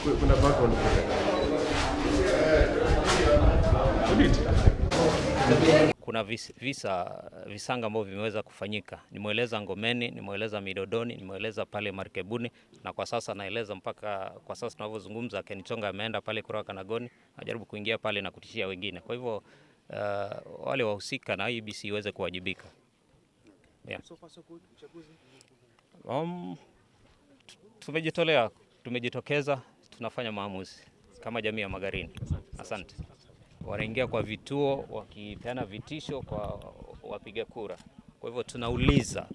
kuna background kuna visa visanga ambavyo vimeweza kufanyika. Nimeeleza Ngomeni, nimeeleza Midodoni, nimeeleza pale Markebuni, na kwa sasa naeleza mpaka kwa sasa tunavyozungumza, Kenichonga ameenda pale kutoka Kanagoni, anajaribu kuingia pale na kutishia wengine. Kwa hivyo uh, wale wahusika na IBC iweze kuwajibika. Yeah. Um, tumejitolea, tumejitokeza tunafanya maamuzi kama jamii ya Magarini. Asante. Wanaingia kwa vituo wakipeana vitisho kwa wapiga kura. Kwa hivyo tunauliza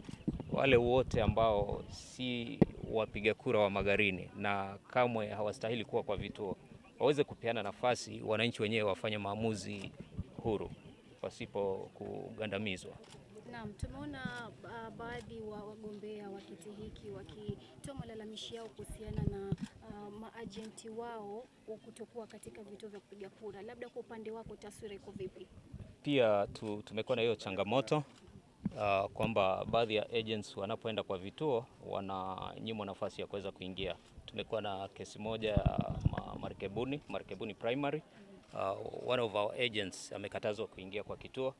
wale wote ambao si wapiga kura wa Magarini na kamwe hawastahili kuwa kwa vituo waweze kupeana nafasi, wananchi wenyewe wafanye maamuzi huru pasipo kugandamizwa. Naam, tumeona ah, baadhi wa wagombea wa kiti hiki wakitoa malalamishi yao kuhusiana na Uh, maajenti wao kutokuwa katika vituo vya kupiga kura. Labda kwa upande wako taswira iko vipi? Pia tu, tumekuwa na hiyo changamoto uh, kwamba baadhi ya agents wanapoenda kwa vituo wananyimwa nafasi ya kuweza kuingia. Tumekuwa na kesi moja ya uh, Markebuni Primary uh, one of our agents amekatazwa kuingia kwa kituo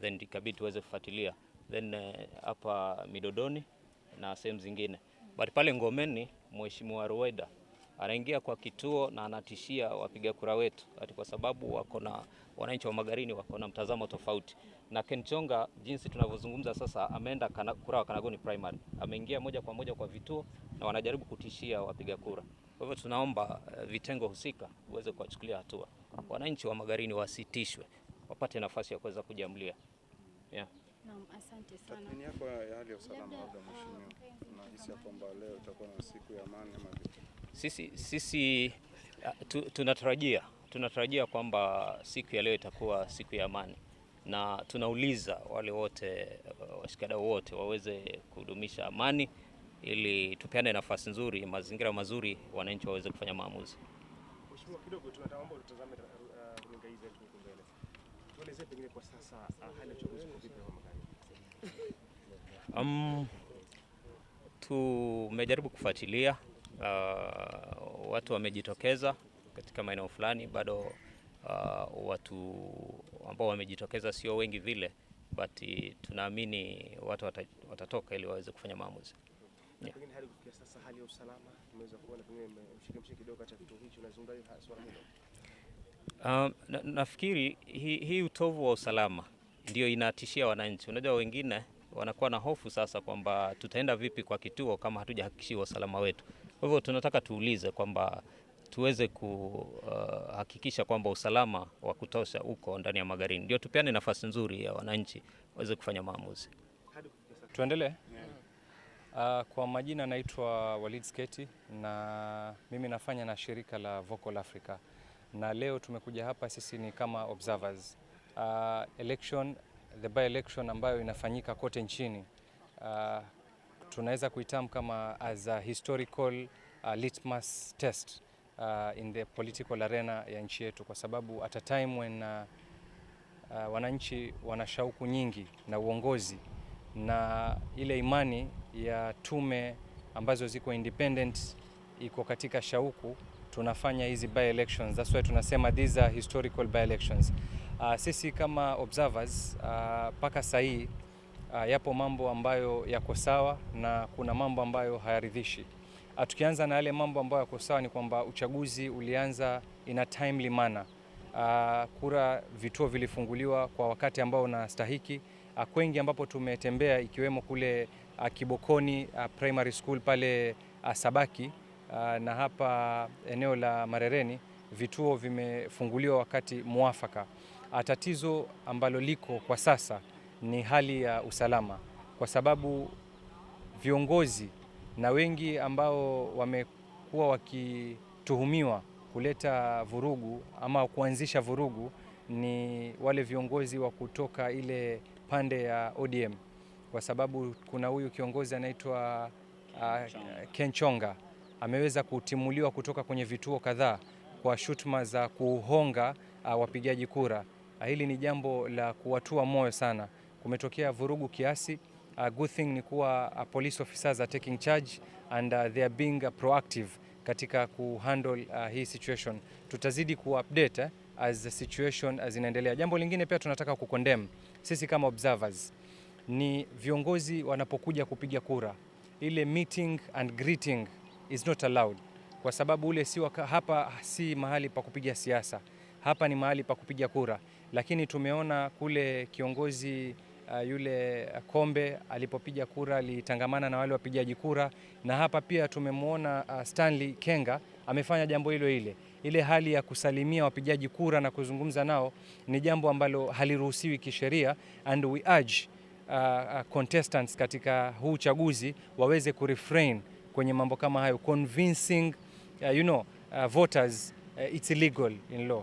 then ikabidi tuweze kufuatilia then uh, hapa uh, Midodoni na sehemu zingine, but pale Ngomeni Mheshimiwa Rueda anaingia kwa kituo na anatishia wapiga kura wetu, ati kwa sababu wako na wananchi wa Magarini wako na mtazamo tofauti na Ken Chonga. Jinsi tunavyozungumza sasa, ameenda kana, kura wa Kanagoni primary, ameingia moja kwa moja kwa vituo na wanajaribu kutishia wapiga kura. Kwa hivyo tunaomba eh, vitengo husika uweze kuwachukulia hatua, wananchi wa Magarini wasitishwe, wapate nafasi ya kuweza kujamlia yeah. Naam, asante sana. Tathmini yako ya hali ya usalama labda ah, mheshimiwa, unahisi kwamba leo itakuwa na siku ya amani ama vipi? Sisi, sisi ah, tu, tunatarajia tunatarajia kwamba siku ya leo itakuwa siku ya amani, na tunauliza wale wote eh, washikadau wote waweze kudumisha amani ili tupeane nafasi nzuri, mazingira mazuri, wananchi waweze kufanya maamuzi. Mheshimiwa, kidogo eh, runinga zetu huko mbele. Tueleze pengine kwa sasa ah, hali ya uchaguzi kwa vipi Um, tumejaribu kufuatilia uh, watu wamejitokeza katika maeneo fulani bado uh, watu ambao wamejitokeza sio wengi vile, but eh, tunaamini watu watatoka ili waweze kufanya maamuzi. Yeah. Um, na, nafikiri hii hi utovu wa usalama ndio inatishia wananchi. Unajua, wengine wanakuwa na hofu sasa kwamba tutaenda vipi kwa kituo kama hatujahakikishiwa usalama wetu. Kwa hivyo tunataka tuulize kwamba tuweze kuhakikisha uh, kwamba usalama wa kutosha uko ndani ya magarini ndio tupeane nafasi nzuri ya wananchi waweze kufanya maamuzi. Tuendelee. Uh, kwa majina naitwa Walid Sketi na mimi nafanya na shirika la Vocal Africa, na leo tumekuja hapa sisi ni kama observers uh, election the by election ambayo inafanyika kote nchini uh, tunaweza kuitam kama as a historical uh, litmus test uh, in the political arena ya nchi yetu, kwa sababu at a time when uh, uh, wananchi wana shauku nyingi na uongozi na ile imani ya tume ambazo ziko independent iko katika shauku, tunafanya hizi by elections. That's why tunasema these are historical by elections. Uh, sisi kama observers uh, mpaka uh, saa hii uh, yapo mambo ambayo yako sawa na kuna mambo ambayo hayaridhishi. Uh, tukianza na yale mambo ambayo yako sawa ni kwamba uchaguzi ulianza in a timely manner. Uh, kura vituo vilifunguliwa kwa wakati ambao unastahiki. Uh, kwengi ambapo tumetembea ikiwemo kule uh, Kibokoni uh, primary school pale uh, Sabaki uh, na hapa eneo la Marereni vituo vimefunguliwa wakati mwafaka. Tatizo ambalo liko kwa sasa ni hali ya usalama, kwa sababu viongozi na wengi ambao wamekuwa wakituhumiwa kuleta vurugu ama kuanzisha vurugu ni wale viongozi wa kutoka ile pande ya ODM, kwa sababu kuna huyu kiongozi anaitwa uh, ameweza kutimuliwa kutoka kwenye vituo kadhaa kwa shutuma za kuhonga uh, wapigaji kura. Ah, hili ni jambo la kuwatua moyo sana kumetokea vurugu kiasi. A uh, good thing ni kuwa uh, police officers are taking charge and uh, they are being uh, proactive katika kuhandle uh, hii situation. Tutazidi kuupdate eh, as the situation as uh, inaendelea. Jambo lingine pia tunataka kukondemn sisi kama observers ni viongozi wanapokuja kupiga kura, ile meeting and greeting is not allowed, kwa sababu ule si waka, hapa si mahali pa kupiga siasa, hapa ni mahali pa kupiga kura, lakini tumeona kule kiongozi uh, yule ah, Kombe alipopiga kura alitangamana na wale wapigaji kura, na hapa pia tumemwona uh, Stanley Kenga amefanya jambo hilo ile ile hali ya kusalimia wapigaji kura na kuzungumza nao ni jambo ambalo haliruhusiwi kisheria, and we urge uh, contestants katika huu uchaguzi waweze kurefrain kwenye mambo kama hayo convincing, uh, you know, uh, voters uh, it's illegal in law.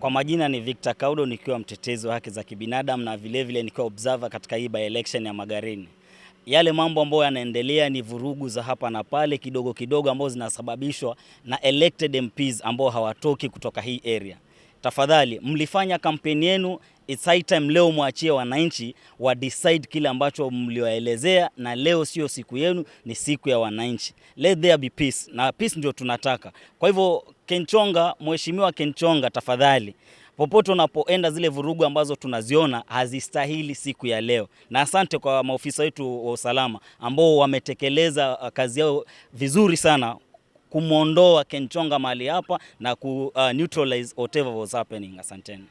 Kwa majina ni Victor Kaudo nikiwa mtetezi wa haki za kibinadamu na vilevile vile nikiwa observer katika hii by election ya Magarini. Yale mambo ambayo yanaendelea ni vurugu za hapa na pale kidogo kidogo ambazo zinasababishwa na elected MPs ambao hawatoki kutoka hii area. Tafadhali mlifanya kampeni yenu It's high time leo mwachie wananchi wa decide kile ambacho mliwaelezea, na leo sio siku yenu, ni siku ya wananchi. Let there be peace, na peace ndio tunataka. Kwa hivyo Kenchonga, mheshimiwa Kenchonga, tafadhali popote unapoenda, zile vurugu ambazo tunaziona hazistahili siku ya leo. Na asante kwa maofisa wetu wa usalama ambao wametekeleza uh, kazi yao vizuri sana kumwondoa Kenchonga mahali hapa na ku uh, neutralize whatever was happening. Asanteni.